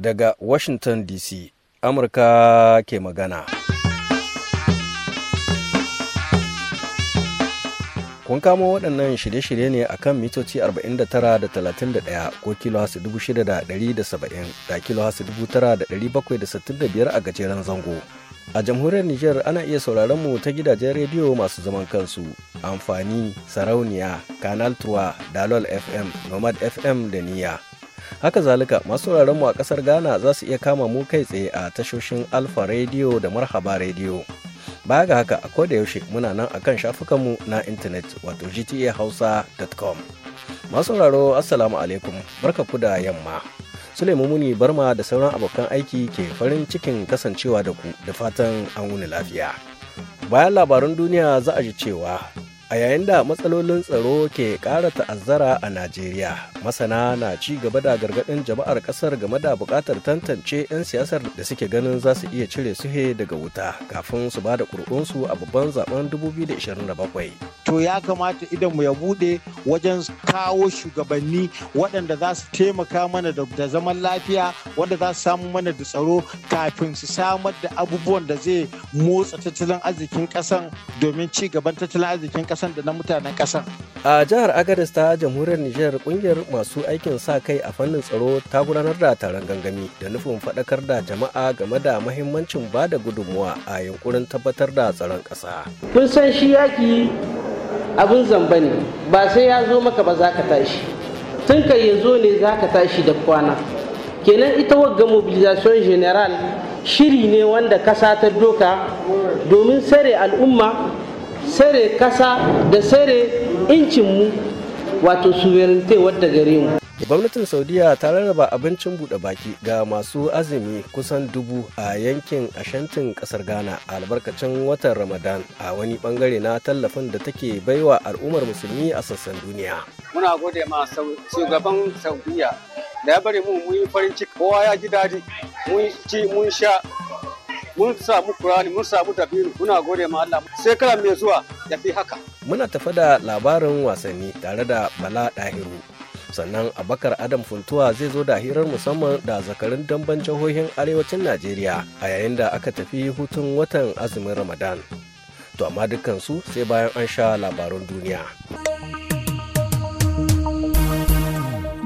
Daga Washington DC, Amurka ke magana. Kun kamo waɗannan shirye-shirye ne a kan mitoci 49.31 ko kilo hasu 6,170 da kilo 9,765 a gajeren zango. A jamhuriyar Nijar ana iya sauraron mu ta gidajen rediyo masu zaman kansu, amfani, sarauniya, Canal 3, Dalol FM, Nomad FM da Niyya. haka zalika masu mu a ƙasar ghana za su iya kama mu kai tsaye a tashoshin alfa radio da marhaba radio Baya ga haka a da yaushe muna nan akan shafukanmu na intanet wato gtahausa.com. Masu sauraro Assalamu alaikum barka ku da yamma. Suleiman Muni Barma da sauran abokan aiki ke farin cikin kasancewa da ku da fatan an wuni lafiya. Bayan labaran duniya za a ji cewa a yayin da matsalolin tsaro ke ƙara ta'azzara a najeriya masana na ci gaba da gargaɗin jama'ar kasar game da bukatar tantance 'yan siyasar da suke ganin za su iya cire suhe daga wuta kafin su ba da ƙuri'unsu a babban zaben 2027 to ya kamata idan mu ya buɗe wajen kawo shugabanni waɗanda za su taimaka mana da zaman lafiya wanda za su samu mana da tsaro kafin su samar da abubuwan da zai motsa tattalin arzikin ƙasan domin ci gaban tattalin arzikin ƙasa kasan da na mutanen kasan. A jihar Agadez ta jamhuriyar Nijar kungiyar masu aikin sa kai a fannin tsaro ta gudanar da taron gangami da nufin faɗakar da jama'a game da mahimmancin ba da gudunmuwa a yunkurin tabbatar da tsaron ƙasa. Kun san shi yaki abin zamba ne ba sai ya zo maka ba za ka tashi. Tun ka ya zo ne za ka tashi da kwana. Kenan ita wagga mobilization general shiri ne wanda kasa ta doka domin sare al'umma sare kasa da sare incinmu wato suverinte wadda gare mu gwamnatin saudiya ta rarraba abincin bude baki ga masu azumi kusan dubu a yankin ashantin ƙasar ghana a albarkacin watan ramadan a wani bangare na tallafin da take baiwa al'ummar musulmi a sassan duniya muna gode ma shugaban saudiya da ya bari mu mun yi farin ciki kowa ya ji daɗi mun ci mun sha mun samu kurani mun samu dabiru muna gode ma Allah sai kala mai zuwa ya fi haka muna tafa da labarin wasanni tare da Bala Dahiru sannan abakar adam funtuwa zai zo da hirar musamman da zakarin damben jihohin arewacin najeriya a yayin da aka tafi hutun watan azumin ramadan to amma dukkansu sai bayan an sha labarun duniya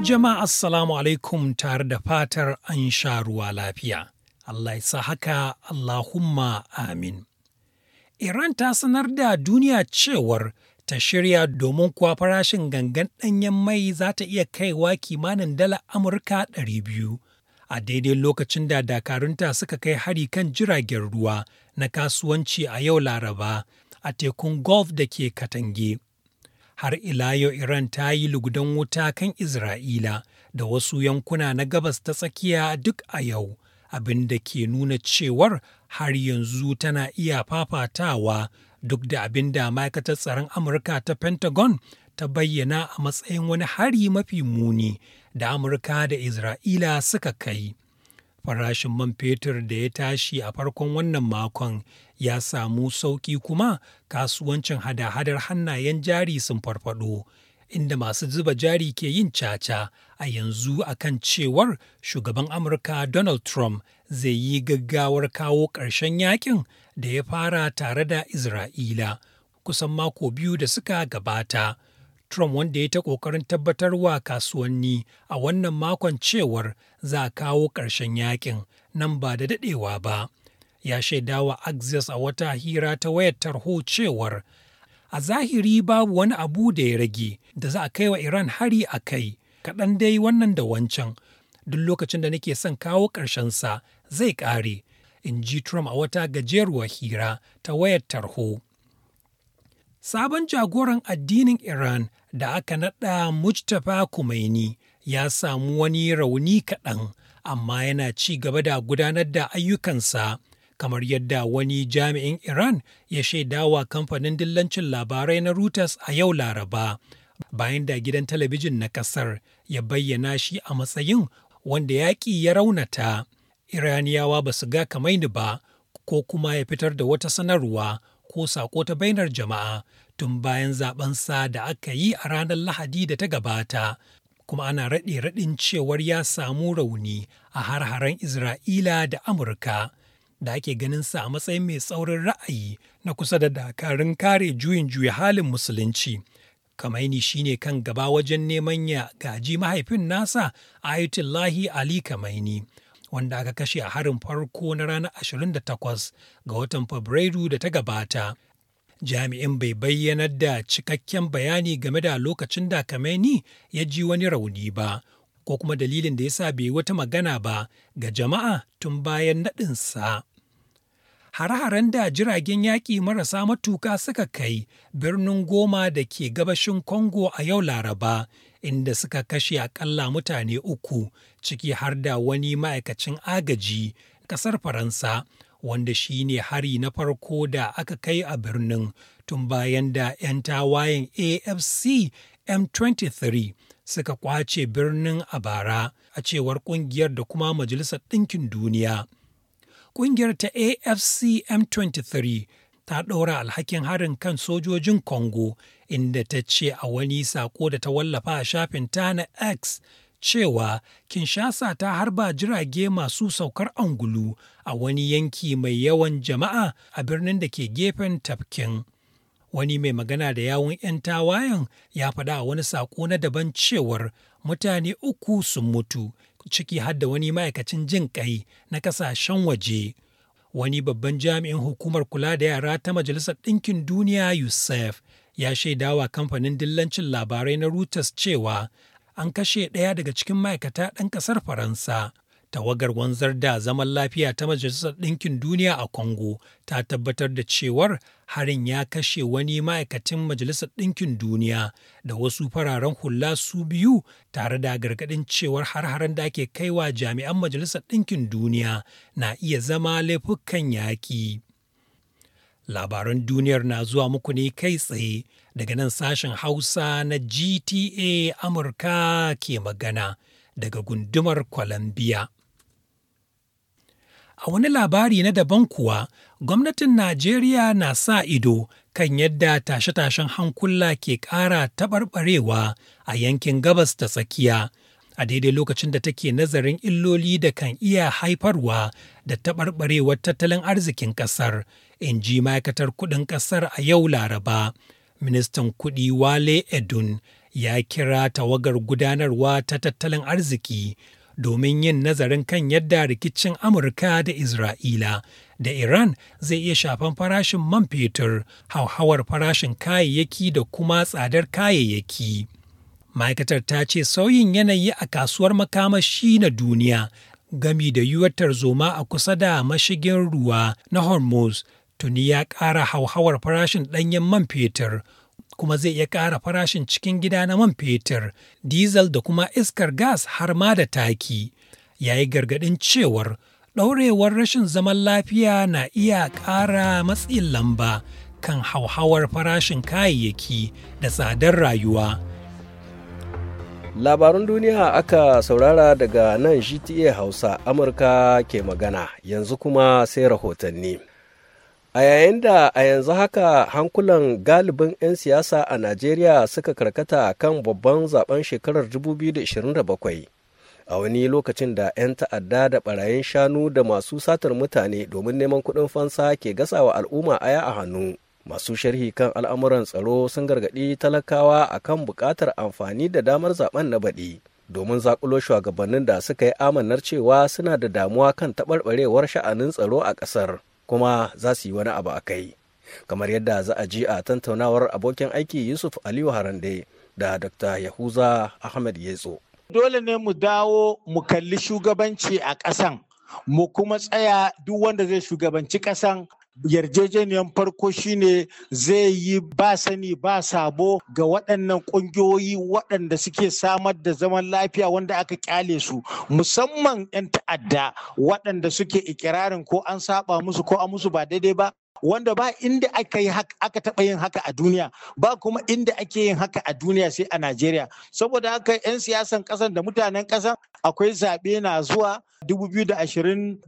jama'a assalamu alaikum tare da fatar an sha ruwa lafiya Allah ya sa haka Allahumma amin. Iran ta sanar da duniya cewar ta shirya domin kuwa farashin gangan ɗanyen mai za ta iya kaiwa kimanin dala Amurka ɗari biyu. a daidai lokacin da dakarunta suka kai hari kan jiragen ruwa na kasuwanci a yau Laraba a tekun Gulf da ke Katange. Har ila yau Iran ta yi lugudan wuta kan Isra'ila da wasu yankuna na gabas ta tsakiya duk a yau abin da ke nuna cewar har yanzu tana iya fafatawa duk da abin da ma'aikatar tsaron amurka ta pentagon ta bayyana a matsayin wani hari mafi muni da amurka da isra'ila suka kai farashin man fetur da ya tashi a farkon wannan makon ya samu sauƙi kuma kasuwancin hada-hadar hannayen jari sun farfado inda masu zuba jari ke yin caca a yanzu a kan cewar shugaban Amurka Donald Trump zai yi gaggawar kawo ƙarshen yakin da ya fara tare da Isra'ila kusan mako biyu da suka gabata. Trump wanda ya ta ƙoƙarin tabbatar wa kasuwanni a wannan makon cewar za a kawo ƙarshen yakin nan ba da daɗewa ba. Ya shaidawa Axios a wata hira ta wayar tarho cewar a zahiri babu wani abu da ya rage da za a kai wa Iran hari a kai, kaɗan dai wannan da wancan, duk lokacin da nake son kawo ƙarshensa zai ƙare, in ji Trump a wata gajeruwar hira ta wayar tarho. Sabon jagoran addinin Iran da aka naɗa Mustapha Kumaini ya samu wani rauni kaɗan, amma yana ci gaba da gudanar da ayyukansa kamar yadda wani jami'in Iran ya shaidawa kamfanin dillancin labarai na Reuters a yau Laraba, bayan da gidan talabijin na kasar ya bayyana shi a matsayin wanda yaƙi ya raunata. Iraniyawa ba su ga kamaini ba, ko kuma ya fitar da wata sanarwa ko sako ta bainar jama'a tun bayan zaben sa da aka yi a ranar Lahadi da ta gabata, kuma ana raɗe raɗin cewar ya samu rauni a har-haren Isra'ila da Amurka. da ake ganin sa a matsayin mai tsaurin ra'ayi na kusa da dakarun kare juyin juya halin musulunci. Kamaini shine kan gaba wajen neman ya gaji mahaifin nasa Ayatullahi Ali Kamaini. wanda aka kashe a harin farko na ranar 28 ga watan Fabrairu da ta gabata. Jami'in bai bayyanar da cikakken bayani game da lokacin da kamaini ya ji wani rauni ba, ko kuma dalilin da ya sa bai wata magana ba ga jama'a tun bayan naɗinsa. hare-haren da jiragen yaƙi marasa matuka suka kai birnin goma da ke gabashin Congo a yau Laraba, inda suka kashe akalla mutane uku ciki har da wani ma'aikacin agaji ƙasar Faransa, wanda shi ne hari na farko da aka kai a birnin tun bayan da 'yan tawayen AFC M23 suka kwace birnin a bara, a cewar ƙungiyar da kuma Majalisar Ɗinkin Duniya. ƙungiyar ta AFC M23 ta ɗora alhakin harin kan sojojin Congo inda ta ce a wani sako da ta wallafa a shafin ta na X cewa Kinshasa ta harba jirage masu saukar angulu a wani yanki mai yawan jama'a a birnin da ke gefen tafkin. Wani mai magana da yawun 'yan tawayen ya faɗa a wani saƙo na daban cewar mutane uku sun mutu ciki har da wani ma'aikacin jin ƙai na ƙasashen waje. Wani babban jami'in hukumar kula da yara ta Majalisar Ɗinkin Duniya USAF ya shaidawa kamfanin dillancin labarai na Reuters cewa an kashe ɗaya daga cikin ma'aikata ɗan ƙasar Faransa tawagar wanzar da zaman lafiya ta majalisar ɗinkin duniya a congo ta tabbatar da cewar harin ya kashe wani ma'aikacin majalisar ɗinkin duniya da wasu fararen hula su biyu tare da gargaɗin cewar har-haren da ake kaiwa jami'an majalisar ɗinkin duniya na iya zama laifukan yaƙi labaran duniyar na zuwa muku ne kai tsaye daga nan sashen hausa na gta amurka ke magana daga gundumar columbia A wani labari na daban kuwa, gwamnatin Najeriya na sa ido kan yadda tashe-tashen hankula ke ƙara taɓarɓarewa a yankin gabas da tsakiya, a daidai lokacin da take nazarin illoli da kan iya haifarwa da taɓarɓarewar tattalin arzikin ƙasar, in ji ma'aikatar kuɗin ƙasar a yau Laraba. Ministan kuɗi Wale Edun ya kira tawagar gudanarwa ta tattalin arziki domin yin nazarin kan yadda rikicin Amurka da Isra'ila da Iran zai iya shafan farashin man fetur, hauhawar farashin kayayyaki da kuma tsadar kayayyaki. Ma'aikatar ta ce sauyin yanayi a kasuwar makamashi na duniya gami da yiwuwar tarzoma a kusa da mashigin ruwa na Hormuz tuni ya ƙara hauhawar farashin ɗanyen man fetur. kuma zai iya ƙara farashin cikin gida na man fetur, diesel da kuma iskar gas har ma da taki. Yayi gargaɗin cewar ɗaurewar rashin zaman lafiya na iya ƙara matsin lamba kan hauhawar farashin kayayyaki da tsadar rayuwa. Labarun duniya aka saurara daga nan GTA Hausa Amurka ke magana yanzu kuma sai rahotanni. A yayin da a yanzu haka hankulan galibin 'yan siyasa a Najeriya suka karkata kan babban zaben shekarar 2027, a wani lokacin da 'yan ta'adda da barayin shanu da masu satar mutane domin neman kuɗin fansa ke gasawa al'umma aya a hannu. Masu sharhi kan al'amuran tsaro sun gargaɗi talakawa a kan buƙatar amfani da damar zaben na baɗi. domin zakulo shugabannin da suka yi amannar cewa suna da damuwa kan taɓarɓarewar sha'anin tsaro a ƙasar. kuma za su yi wani abu a kai kamar yadda za a ji a tantaunawar abokin aiki yusuf aliyu harande da dr yahuza ahmed yetso dole ne mu dawo mu kalli shugabanci a ƙasan mu kuma tsaya duk wanda zai shugabanci ƙasan yarjejeniyar farko shine zai yi ba sani ba sabo ga waɗannan ƙungiyoyi waɗanda suke samar da zaman lafiya wanda aka kyale su musamman 'yan ta'adda waɗanda suke ikirarin ko an saba musu ko an musu ba daidai ba wanda ba inda aka yi haka aka taɓa yin haka a duniya ba kuma inda ake yin haka a duniya sai a Najeriya saboda haka 'yan siyasan ƙasan da mutanen ƙasan akwai zaɓe na zuwa 2027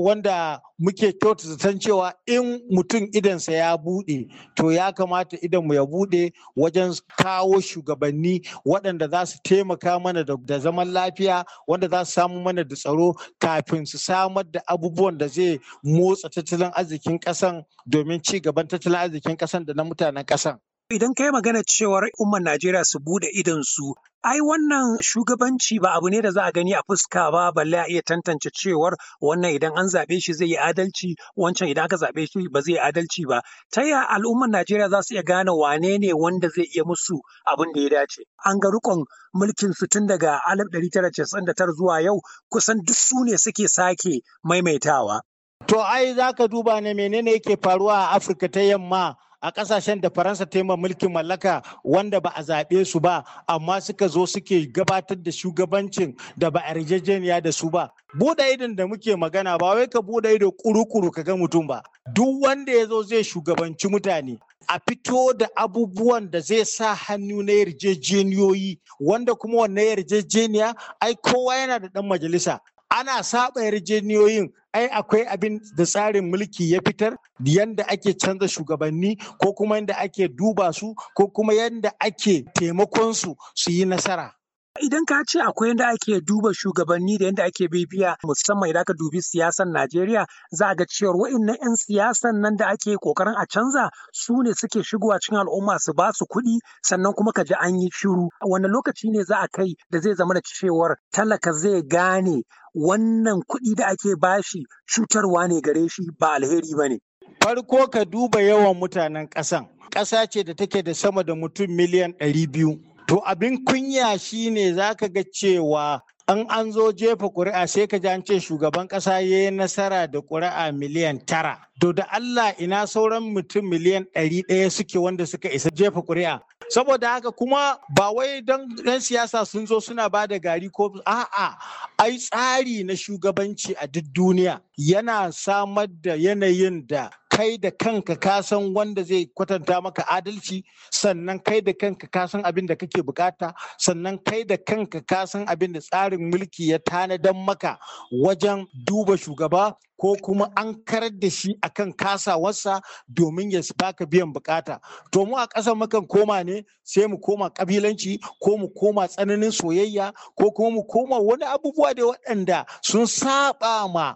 wanda muke kyautata san cewa in mutum idansa ya buɗe to ya kamata idanmu ya buɗe wajen kawo shugabanni waɗanda za su taimaka mana da zaman lafiya wanda za su samu mana da tsaro kafin su samar da abubuwan da zai motsa tattalin arzikin kasan domin ci gaban tattalin arzikin ƙasan da na mutanen ƙasan. Idan ka yi magana cewar umman Najeriya su bude su, ai wannan shugabanci ba abu ne da za a gani a fuska ba balle a iya tantance cewar wannan idan an zaɓe shi zai yi adalci wancan idan aka zaɓe shi ba zai yi adalci ba. Ta yaya al'ummar Najeriya za su iya gane wane ne wanda zai iya musu abin da ya dace? An ga rikon mulkin su tun daga 1999 zuwa yau kusan duk su ne suke sake maimaitawa. To ai za ka duba ne menene yake faruwa a Afirka ta yamma a ƙasashen da faransa ta yi mulkin mallaka wanda ba a zaɓe su ba amma suka zo suke gabatar da shugabancin da ba a rijejeniya da su ba buɗe idon da muke magana ba wai ka buɗe ido kuru-kuru ka ga mutum ba duk wanda ya zo zai shugabanci mutane a fito da abubuwan da zai sa hannu na yarjejeniyoyi wanda kuma wannan yarjejeniya ai kowa yana da ɗan majalisa ana saba yarjejeniyoyin ai akwai abin da tsarin mulki ya fitar yanda ake canza shugabanni ko kuma yanda ake duba su ko kuma yanda ake taimakon su su yi nasara Idan ka ce akwai yadda ake duba shugabanni da yadda ake bibiya musamman idan ka dubi siyasar Najeriya za a ga cewar wa'innan 'yan siyasan nan da ake kokarin a canza su ne suke shigowa cikin al'umma su ba su kuɗi sannan kuma ka ji an yi shiru. wani lokaci ne za a kai da zai zama da cewar talaka zai gane wannan kuɗi da ake bashi cutarwa ne gare shi ba alheri ba ne. Farko ka duba yawan mutanen ƙasan. Ƙasa ce da take da sama da mutum miliyan ɗari biyu. To abin kunya shi ne za ka ga cewa an an zo jefa ƙuri'a sai ka ji an ce shugaban ƙasa ya yi nasara da ƙuri'a miliyan tara. To da Allah ina sauran mutum miliyan ɗari ɗaya suke wanda suka isa jefa ƙuri'a. saboda haka kuma ba wai don ɗan siyasa sun zo suna ba da gari ko a'a ai tsari na shugabanci a duk duniya yana samar da yanayin da kai da kanka ka san wanda zai kwatanta maka adalci sannan kai da kanka ka san abin da kake bukata sannan kai da kanka ka san abin da tsarin mulki ya tanadan maka wajen duba shugaba ko kuma an karar da shi akan kasawarsa domin ya baka biyan bukata to mu a ƙasar makan koma ne sai mu koma kabilanci ko mu koma tsananin soyayya ko kuma mu koma wani abubuwa da waɗanda sun saba ma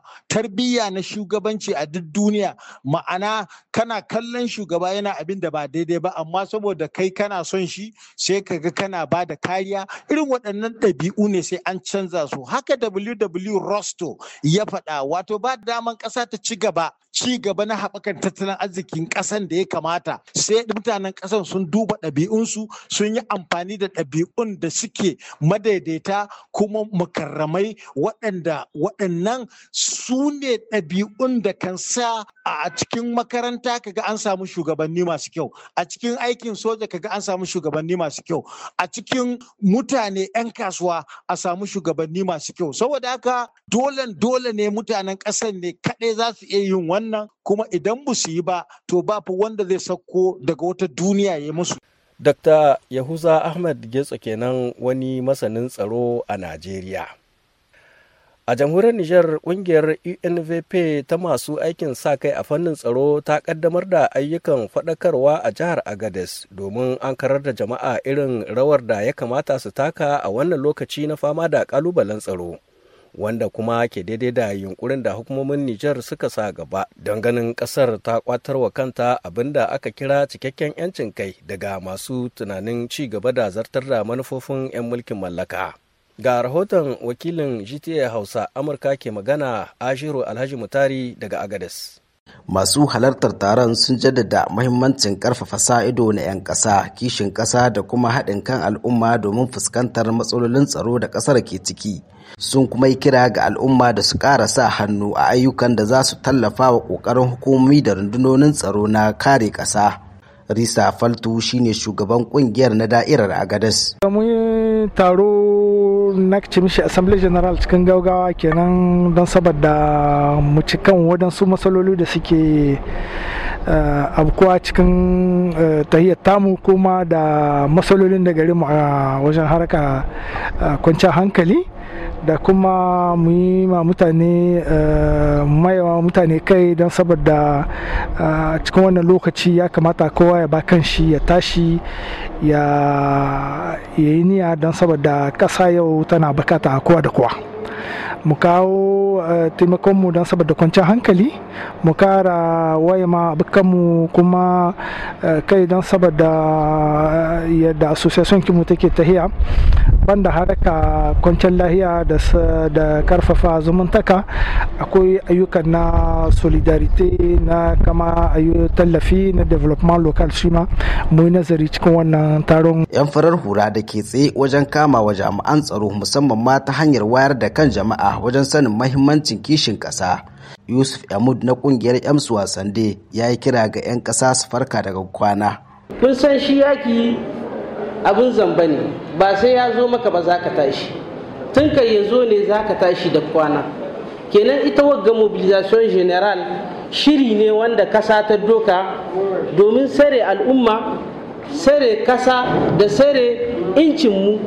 tarbiyya na shugabanci a duk duniya ma'ana kana kallon shugaba yana abin da ba daidai ba amma saboda kai kana son shi sai ka ga kana ba da kariya irin waɗannan ɗabi'u ne sai an canza su haka WW Rosto ya faɗa wato ba daman ƙasa ta ci gaba ci gaba na haɓakar tattalin arzikin ƙasan da ya kamata sai mutanen ƙasan sun duba ɗabi'unsu sun yi amfani da ɗabi'un da suke madaidaita kuma mukarramai waɗanda waɗannan su ne ɗabi'un da kan sa a cikin makaranta kaga an samu shugabanni masu kyau a cikin aikin soja kaga an samu shugabanni masu kyau a cikin mutane 'yan kasuwa a samu shugabanni masu kyau saboda haka dole dole ne mutanen ƙasar ne kaɗai za su iya yin wannan kuma idan ba su yi ba to ba fa wanda zai sauko daga wata duniya ya musu Dr. Yahuza Ahmad Getso kenan wani masanin tsaro a Najeriya. A jamhuriyar Nijar kungiyar UNVP e ta masu aikin sa kai a fannin tsaro ta kaddamar da ayyukan faɗakarwa a jihar Agades domin an karar da jama'a irin rawar da ya kamata su taka a wannan lokaci na fama da kalubalen tsaro. Wanda kuma ke daidai da yunkurin da hukumomin Nijar suka sa gaba don ganin kasar ta wa kanta abinda aka kira cikakken 'yancin kai daga masu tunanin ci gaba da zartar da manufofin 'yan mulkin mallaka. ga rahoton wakilin gta hausa amurka ke magana ashiru alhaji mutari daga agadis masu halartar taron sun jaddada mahimmancin karfafa sa-ido na 'yan ƙasa kishin ƙasa da kuma haɗin kan al'umma domin fuskantar matsalolin tsaro da ƙasar ke ciki sun kuma yi kira ga al'umma da su ƙara sa hannu a ayyukan da za su tallafa wa ƙoƙarin hukumomi da rundunonin tsaro na kare ƙasa Risa Faltu shine shugaban kungiyar na da'irar Agadas. Mun taro na ce mishi Assembly General cikin gaugawa kenan don saboda mu ci kan waɗansu matsaloli da suke eh, abkuwa cikin eh, tahiyar tamu kuma da matsalolin da garinmu a wajen haraka eh, kwanciyar hankali. da kuma mu yi ma mutane eh, mayawa mutane kai don saboda eh, cikin wannan lokaci ya kamata kowa ya ba kan shi ya tashi ya yi niyya don saboda ƙasa yau tana bukata kowa da kowa mu kawo eh, taimakonmu don saboda kwanciyar hankali mu kara waye ma abokanmu kuma eh, kai don saboda eh, yadda association kimu take tahiya banda haraka kwanciyar lahiya da karfafa zumuntaka akwai ayyukan na solidarity na kama tallafi na development local shi ma mu nazari cikin wannan taron yan farar hura da ke tsaye wajen kama wa jami'an tsaro musamman ma ta hanyar wayar da kan jama'a wajen sanin mahimmancin kishin ƙasa yusuf yamud na ƙungiyar yams wasande ya yi kira ga 'yan ƙasa su farka daga kwana kun san shi yaki abin zamba ne ba sai ya zo maka ba za ka tashi tun ka ya zo ne za ka tashi da kwana kenan ita wagga mobilization general shiri ne wanda kasa ta doka domin sare al'umma sare ƙasa, da sare incinmu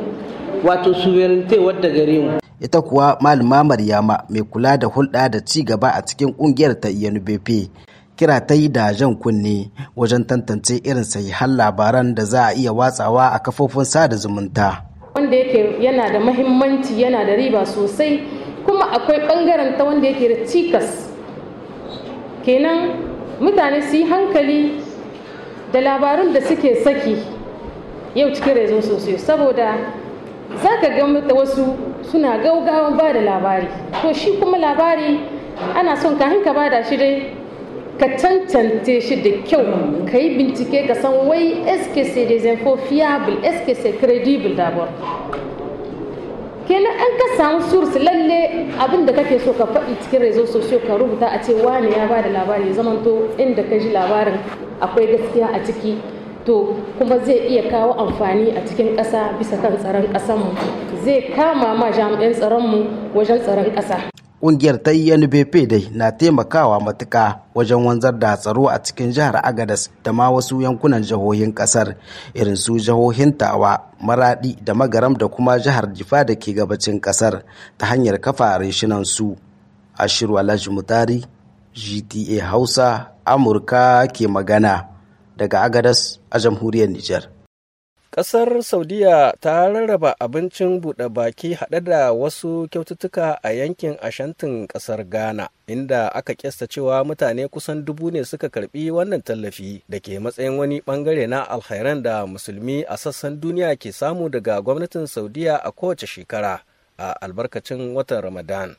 wato suverenite wadda gare mu ita kuwa malama maryama mai kula da hulɗa da ci gaba a cikin ƙungiyar ta yanubefe kira ta yi da jan kunne wajen tantance irin sahihan labaran da za a iya watsawa a kafofin sada zumunta wanda yake yana da mahimmanci yana da riba sosai kuma akwai ɓangaren ta wanda yake da cikas kenan mutane su yi hankali da labarun da suke saki yau cikin rezon sosai saboda za ka ga mata wasu suna gaugawa ba da labari to shi kuma labari ana son kahin ka bada shi dai ka tantance shi da kyau ka yi bincike ka san wai eske se des infos fiable eske c'est credible d'abord kenan an ka samu source lalle abin da kake so ka faɗi cikin rezo sosio ka rubuta a ce wani ya ba da labari zamanto inda ka ji labarin akwai gaskiya a ciki to kuma zai iya kawo amfani a cikin ƙasa bisa kan tsaron ƙasanmu zai kama ma jami'an tsaronmu wajen tsaron ƙasa. Ƙungiyar ta UNBP dai na taimakawa matuka wajen wanzar da tsaro a cikin jihar Agadas da ma wasu yankunan jihohin ƙasar irin su jihohin Tawa, Maraɗi da Magaram da kuma jihar Jifa da ke gabacin ƙasar ta hanyar kafa reshinan su. Ashiru Alhaji Mutari, GTA Hausa, Amurka ke magana. daga Agadas a jamhuriyar Nijar. Ƙasar Saudiya ta rarraba abincin buɗe baki haɗe da wasu kyaututtuka a yankin Ashantin ƙasar Ghana, inda aka ƙyasta cewa mutane kusan dubu ne suka karɓi wannan tallafi da ke matsayin wani ɓangare na alkhairan da musulmi a sassan duniya ke samu daga gwamnatin Saudiya a kowace shekara a albarkacin watan Ramadan.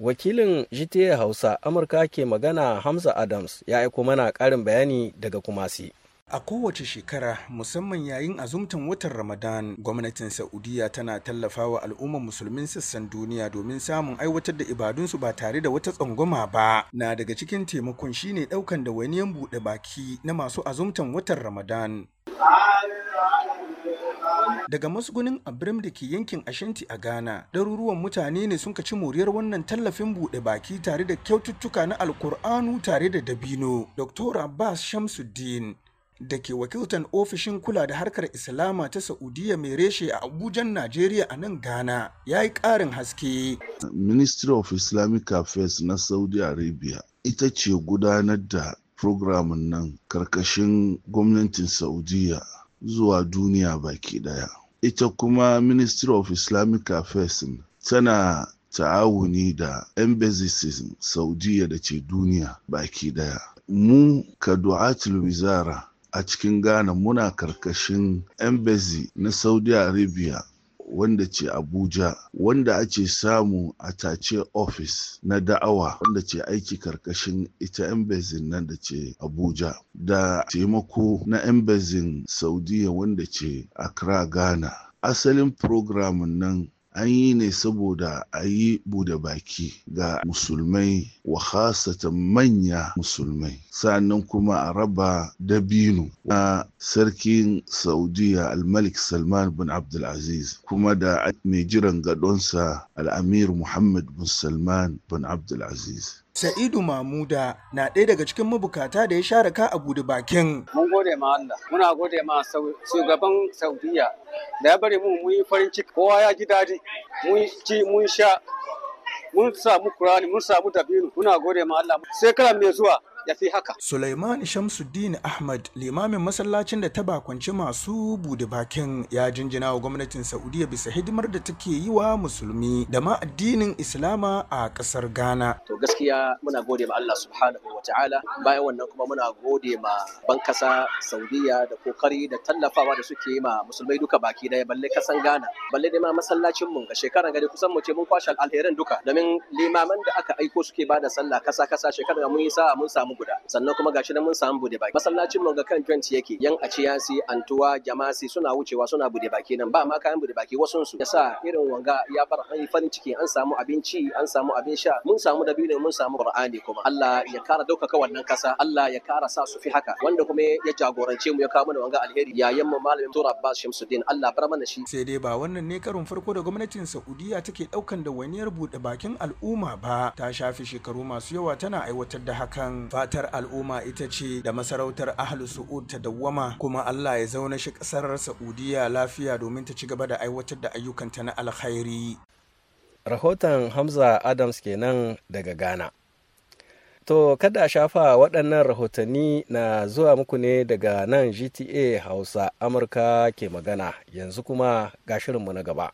wakilin gta hausa amurka ke magana hamza adams ya aiko mana karin bayani daga kumasi A kowace shekara musamman yayin azumtan watan Ramadan gwamnatin Saudiya tana tallafawa al'ummar musulmin sassan duniya domin samun aiwatar da ibadunsu ba tare da wata tsangwama ba. Na daga cikin taimakon shine daukan da waniyan buɗe baki na masu azumtan watan Ramadan. daga masgunin abrim da ke yankin ashanti a ghana ɗaruruwan mutane ne sun kaci moriyar wannan tallafin buɗe baki tare da kyaututtuka na alkur'anu tare da dabino dr abbas shamsuddin da ke wakiltan ofishin kula da harkar islama ta saudiya mai reshe a abujan najeriya a nan ghana ya yi ƙarin haske ministry of islamic affairs na saudi arabia ita ce gudanar da programin nan karkashin gwamnatin saudiya zuwa duniya baki daya ita kuma ministry of islamic affairs tana ta'awuni da embassies saudiya da ce duniya baki daya mu ka wizara a cikin ghana muna karkashin embassy na saudi arabia wanda ce Abuja wanda ake samu a tace ofis na da'awa wanda ce aiki karkashin ita embezin nan da ce Abuja da taimako na embezin Saudiya wanda ce Accra Ghana. Asalin program nan an yi ne saboda a yi bude baki ga musulmai wa khasata manya musulmai sannan kuma a raba dabino na sarkin saudiya almalik salman bin abdulaziz kuma da mai jiran gadonsa al'amir muhammad bin salman bin abdulaziz Sa'idu Mamuda na ɗaya daga cikin mabukata da ya share ka a gudu bakin. Mun gode ma Allah, muna gode ma shugaban Saudiya da ya bari mu mun yi farin ciki kowa ya ji daɗi mun ci mun sha mun samu Kurani mun samu dabino muna gode ma Allah sai kala mai zuwa ya sai haka. Sulaiman Shamsuddin Ahmad limamin masallacin da ta bakwanci masu bude bakin ya jinjina wa gwamnatin Saudiya bisa hidimar da take yi wa musulmi da ma addinin Islama a ƙasar Ghana. To gaskiya muna gode ma Allah subhanahu wa ta'ala bayan wannan kuma muna gode ma bankasa Saudiya da kokari da tallafawa da suke yi ma musulmai duka baki daya balle kasan Ghana balle dai ma masallacin mu ga shekaran gari kusan mu ce mun kwashe alherin duka domin limaman da aka aiko suke bada sallah kasa kasa shekaran mun yi sa'a mun samu samu guda sannan kuma gashi nan mun samu bude baki masallacin mu ga kan joint yake yan a ciyasi antuwa jamasi suna wucewa suna bude baki nan ba ma kayan bude baki wasun su yasa irin wanga ya bar an yi farin ciki an samu abinci an samu abin sha mun samu dabino mun samu qur'ani kuma Allah ya kara daukaka wannan kasa Allah ya kara sa su fi haka wanda kuma ya jagorance mu ya kawo mana wanga alheri yayan mu malamin Tura Abbas Shamsuddin Allah bar mana shi sai dai ba wannan ne karin farko da gwamnatin Saudiya take daukan da waniyar bude bakin al'umma ba ta shafi shekaru masu yawa tana aiwatar da hakan fatar al'umma ita ce da masarautar ahlu su'ud ta dawwama kuma Allah ya zauna shi ƙasar Saudiya lafiya domin ta ci gaba da aiwatar da ayyukanta na alkhairi. Rahoton Hamza Adams kenan daga Ghana. To kada a shafa waɗannan rahotanni na zuwa muku ne daga nan GTA Hausa Amurka ke magana yanzu kuma ga shirinmu na gaba.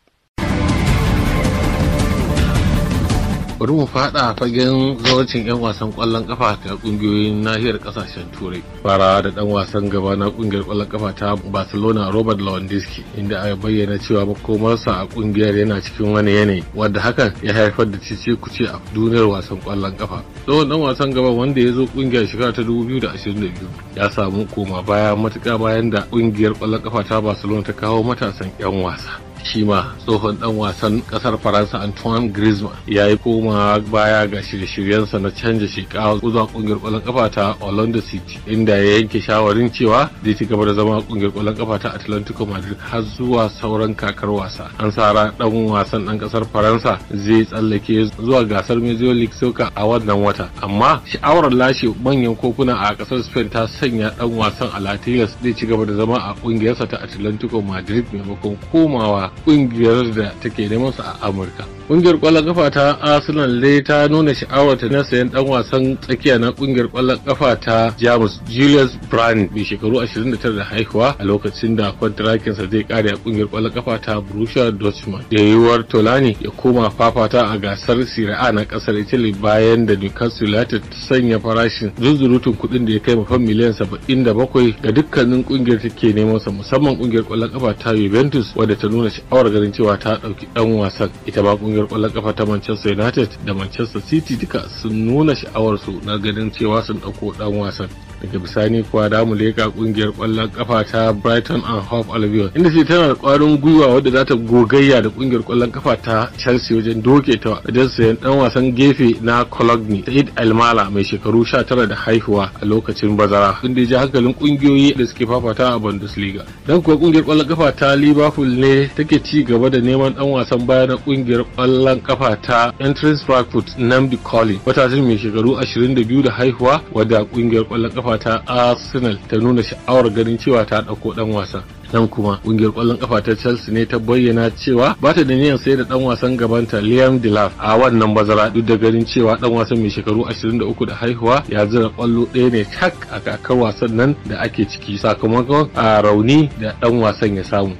bari mu fada fagen zawancin 'yan wasan kwallon kafa ta kungiyoyin nahiyar kasashen turai fara da dan wasan gaba na kungiyar kwallon kafa ta barcelona robert lewandowski inda a bayyana cewa makomarsa a kungiyar yana cikin wani yanayi wadda hakan ya haifar da cice kuce a duniyar wasan kwallon kafa tsohon dan wasan gaba wanda ya zo kungiyar shekara ta 2022 ya samu koma baya matuka bayan da kungiyar kwallon kafa ta barcelona ta kawo matasan 'yan wasa shi ma tsohon dan wasan kasar faransa antoine griezmann ya yi koma baya ga shirye-shiryensa na canja sheka zuwa kungiyar kwallon kafa ta orlando city inda ya yanke shawarin cewa zai ci gaba da zama kungiyar kwallon kafa ta atlantico madrid har zuwa sauran kakar wasa an sara dan wasan dan kasar faransa zai tsallake zuwa gasar major league soccer a wannan wata amma sha'awar lashe manyan kokuna a kasar spain ta sanya dan wasan alatilas zai ci gaba da zama a kungiyarsa ta atlantico madrid maimakon komawa kungiyar da take neman sa a Amurka. Kungiyar kwallon kafa ta Arsenal dai ta nuna sha'awar ta na sayan dan wasan tsakiya na kungiyar kwallon kafa ta Jamus Julius Brand mai shekaru 29 da haihuwa a lokacin da kwantarakin sa zai kare a kungiyar kwallon kafa ta Borussia Dortmund. Da yiwuwar Tolani ya koma fafata a gasar Serie A na kasar Italy bayan da Newcastle United ta sanya farashin zuzurutun kuɗin da ya kai mafan miliyan 77 ga dukkanin kungiyar take neman sa musamman kungiyar kwallon kafa ta Juventus wadda ta nuna sha'awar ganin cewa ta ɗauki ɗan wasan ita ma ƙungiyar ƙwallon ƙafa ta Manchester United da Manchester City duka sun nuna sha'awarsu na ganin cewa sun ɗauko ɗan wasan daga bisani kuwa da mu leka kungiyar kwallon kafa ta Brighton and Hove Albion inda ce tana da kwarin gwiwa wadda za ta gogayya da kungiyar kwallon kafa ta Chelsea wajen doke ta wajen sayan dan wasan gefe na Cologne Said Almala mai shekaru 19 da haihuwa a lokacin bazara inda ya ji hankalin kungiyoyi da suke fafata a Bundesliga dan kuwa kungiyar kwallon kafa ta Liverpool ne take ci gaba da neman dan wasan baya na kungiyar kwallon kafa ta Eintracht Frankfurt Namdi Collin wata mai shekaru 22 da haihuwa wadda kungiyar kwallon kafa ta Arsenal ta nuna sha'awar ganin cewa ta ɗauko ɗan wasan. nan kuma ƙungiyar kwallon kafa ta Chelsea ne ta bayyana cewa ba ta da niyyar sai da ɗan wasan gabanta Liam Delaf. a wannan bazara duk da ganin cewa ɗan wasan mai shekaru 23 da haihuwa ya zira kwallo ɗaya ne tak a kakar wasan nan da ake ciki sakamakon a rauni da ɗan wasan ya samu.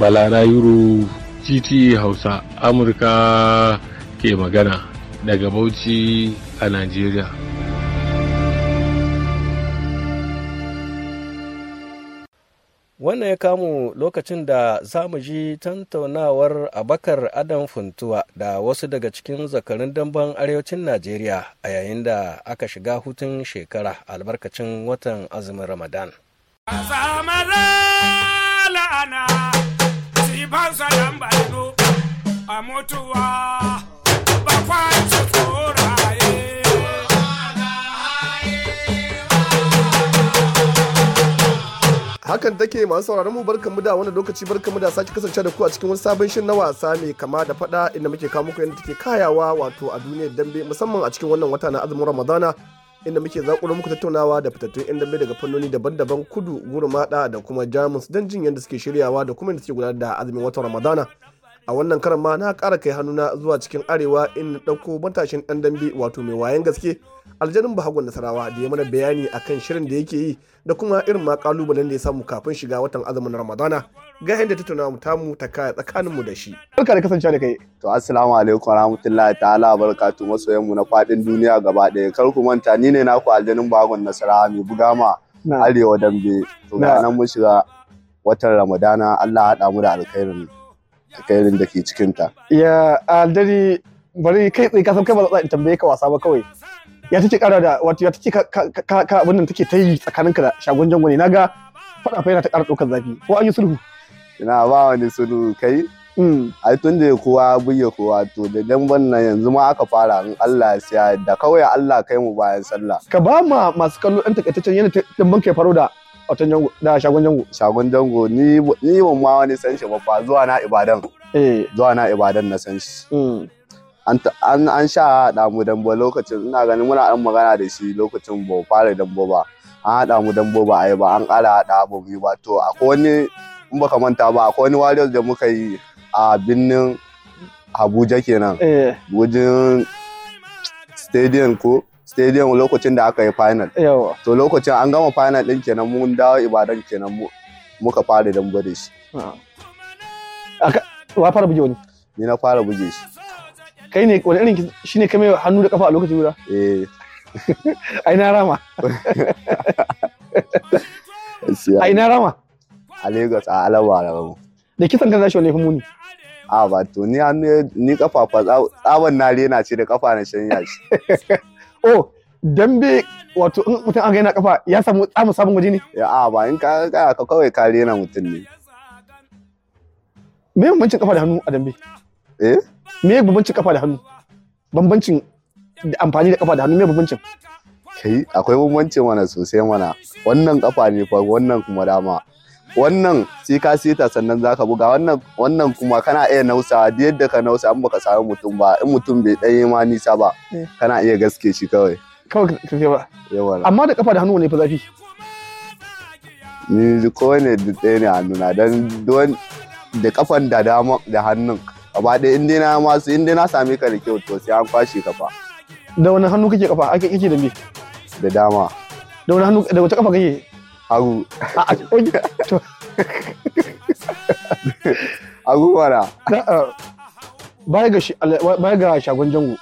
Balara Yuro GTA Hausa Amurka ke magana daga Bauchi a Najeriya. wannan ya kamu lokacin da za mu ji tantaunawar abakar adam funtuwa da wasu daga cikin zakarun damben arewacin najeriya a yayin da aka shiga hutun shekara albarkacin watan azumin ramadan a mutuwa Hakan take masu sauraron mu mu da wani lokaci mu da sake kasance da ku a cikin wani sabon shin na wasa mai kama da fada inda muke kawo muku yadda take kayawa wato a duniyar dambe musamman a cikin wannan wata na azumin Ramadana inda muke zakuro muku tattaunawa da fitattun yan dambe daga fannoni daban-daban kudu gurmada da kuma jamus don jin yadda suke shiryawa da kuma yadda suke gudanar da azumin watan Ramadana. a wannan karan ma na kara kai hannuna zuwa cikin arewa inda dauko matashin dan dambe wato mai wayan gaske aljanin bahagon nasarawa da ya mana bayani akan shirin da yake yi da kuma irin ma kalubalen da ya samu kafin shiga watan azumin ramadana ga yadda tattauna mu ta kaya tsakanin mu da shi barka da kasancewa da kai to assalamu alaikum warahmatullahi ta'ala barakatuh masoyan mu na fadin duniya gaba ɗaya kar ku manta ni ne naku aljanin bagon nasara mai buga ma arewa dambe to ga nan mun shiga watan ramadana Allah haɗa mu da alkhairin alkhairin da ke cikinta ya aljani bari kai tsaye kasan kai ba za a tambaye ka wasa ba kawai ya take kara da wato ya take ka ka abin nan take ta yi tsakaninka da shagon jango ne naga fada fa yana ta kara dokar zafi ko an yi sulhu ina ba wani sulhu kai mm. ai tun da kowa buge kowa to da dan wannan yanzu ma aka fara in Allah ya siya da kawai Allah kai mu bayan sallah ka ba ma masu kallo dan takaitaccen yana dan banka ya faro da watan jango da shagon jango shagon jango ni ni ma wani san shi ba fa zuwa na ibadan eh zuwa na ibadan na san shi mm. an sha haɗa mu dambo lokacin ina ganin muna an magana da shi lokacin ba fara dambo ba an haɗa mu dambo ba ai ba an ƙara haɗa abu biyu ba to akwai wani in baka manta ba akwai wani warriors da muka yi a birnin Abuja kenan eh. wajen stadium ko stadium lokacin da aka yi final to lokacin an gama final din kenan mun dawo Ibadan kenan muka fara dambo da shi ah. wa fara buge wani ni na fara buge shi kai ne wani irin shi ne kai hannu da kafa a lokaci guda eh ai na rama ai na rama a Lagos a Alaba rama da kisan kan zashi wani muni a ba to ni hannu ni kafa fa tsawon na rena ce da kafa na shanya shi oh dambe wato in mutum an ga yana kafa ya samu tsamu sabon waje ne a ba in ka ka kawai ka rena mutum ne me mun kafa da hannu a dambe eh me bambancin kafa da hannu bambancin amfani da kafa da hannu me bambancin kai akwai bambancin mana sosai mana wannan kafa ne fa wannan kuma dama wannan sai ka seta sannan za ka buga wannan wannan kuma kana iya nausa da yadda ka nausa an baka samu mutum ba in mutum bai dan yi ma nisa ba eh. kana iya gaske shi kawai kawai ka ba yawa amma da kafa da hannu ne fa zafi ni ko ne da ɗaya ne hannuna don da kafan da dama da hannun gaba ɗaya in dai na masu in dai na same ka da kyau to sai an kwashe ka fa da wani hannu kake kafa ake kike da me da dama da wani hannu da wata kafa kake hagu a hagu wara baya ga baya ga shagon jango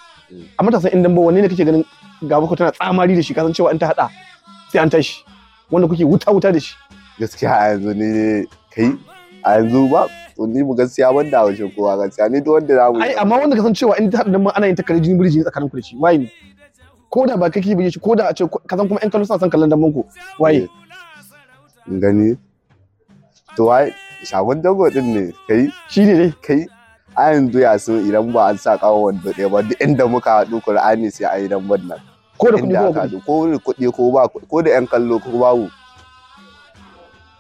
a matasan in ba wanne ne kake ganin gaba ko tana tsamari da shi kasan cewa in ta hada sai an tashi wanda kuke wuta wuta da shi gaskiya a yanzu ne kai a yanzu ba ni mu gaskiya ban da haushin kowa gaskiya ni duk wanda zamu ai amma wanda ka san cewa in ta haɗin ma ana yin takarar jini birji tsakanin ku da shi waye ne ko da ba kake bige shi ko da a ce ka san kuma ƴan kallo suna son kallon dan ku waye eh, gani to waye shagon dango din ne kai shi ne dai kai a yanzu ya so idan ba an sa kawo wando ɗaya ba duk inda muka haɗu Qur'ani sai a yi damban nan ko da kuɗi ko ko da kuɗi ko ba ko da ƴan kallo ko babu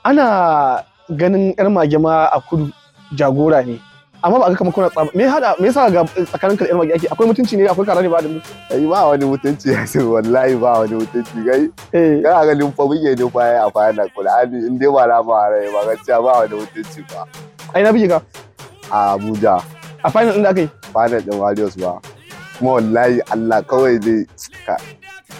ana ganin yar mage ma a kudu jagora ne amma ba ga kamar kuna tsaba me hada me yasa ga tsakanin ka da irma ake? akwai mutunci ne akwai kara ne ba da mutunci ba wani mutunci sai wallahi ba wani mutunci gai eh. kana ga lumfa bige ne fa a fa na Qur'ani in dai ba na ba rai ba cewa ba wani mutunci ba ai na bige ka a Abuja a final din da kai final din Warriors ba kuma wallahi Allah kawai dai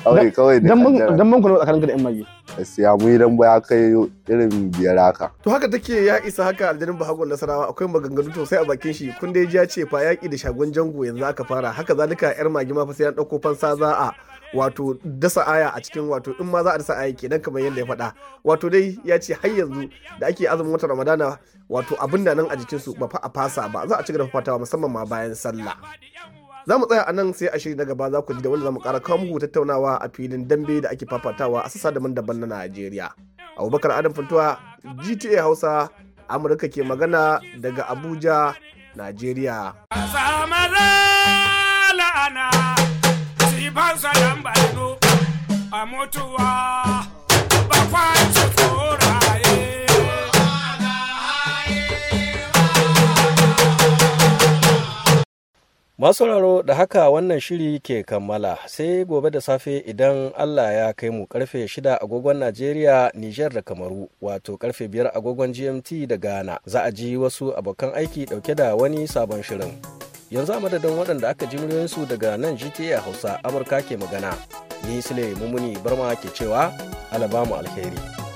kawai kawai dan ban dan ban kuna tsakanin ka da irma gaskiya mu idan ba ya kai irin biyar haka to haka take ya isa haka aljanin bahagon nasarawa akwai maganganu sosai a bakin shi kun dai ya ce fa yaki da shagon jango yanzu aka fara haka zalika yar magi ma fa sai an dauko fansa za a wato dasa aya a cikin wato in ma za a dasa aya ke nan kamar yadda ya faɗa wato dai ya ce har yanzu da ake azumin watan ramadana wato abin da nan a jikin su ba fa a fasa ba za a ci gaba fatawa musamman ma bayan sallah za mu tsaya a nan sai a shiri na gaba za ku ji da wanda za mu kara kawo muku tattaunawa a filin dambe da ake fafatawa a sassa daban-daban na najeriya abubakar adam fintuwa gta hausa amurka ke magana daga abuja najeriya a mutuwa Masu sauraro da haka wannan shiri ke kammala sai gobe da safe idan Allah ya kai mu karfe 6 agogon Najeriya, Nijar da Kamaru wato karfe biyar agogon GMT da Ghana za a ji wasu abokan aiki dauke da wani sabon shirin. Yanzu a madadin waɗanda aka ji muryoyinsu daga nan GTA Hausa Amurka ke magana. Ni Sule Mumuni Barma ke cewa Alabamu alheri.